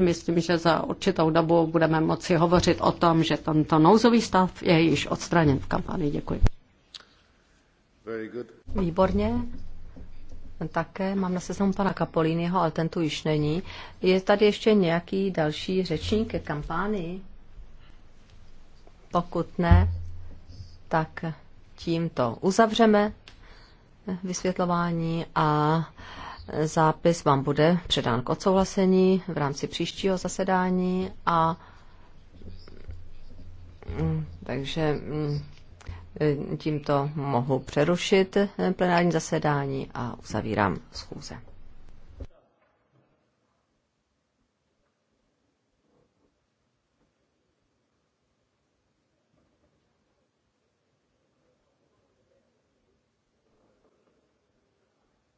Myslím, že za určitou dobu budeme moci hovořit o tom, že tento nouzový stav je již odstraněn v kampani. Děkuji. Výborně. Také mám na seznamu pana Kapolínyho, ale ten tu již není. Je tady ještě nějaký další řečník ke kampánii? Pokud ne, tak tímto uzavřeme vysvětlování a Zápis vám bude předán k odsouhlasení v rámci příštího zasedání a mm, takže mm, tímto mohu přerušit plenární zasedání a uzavírám schůze.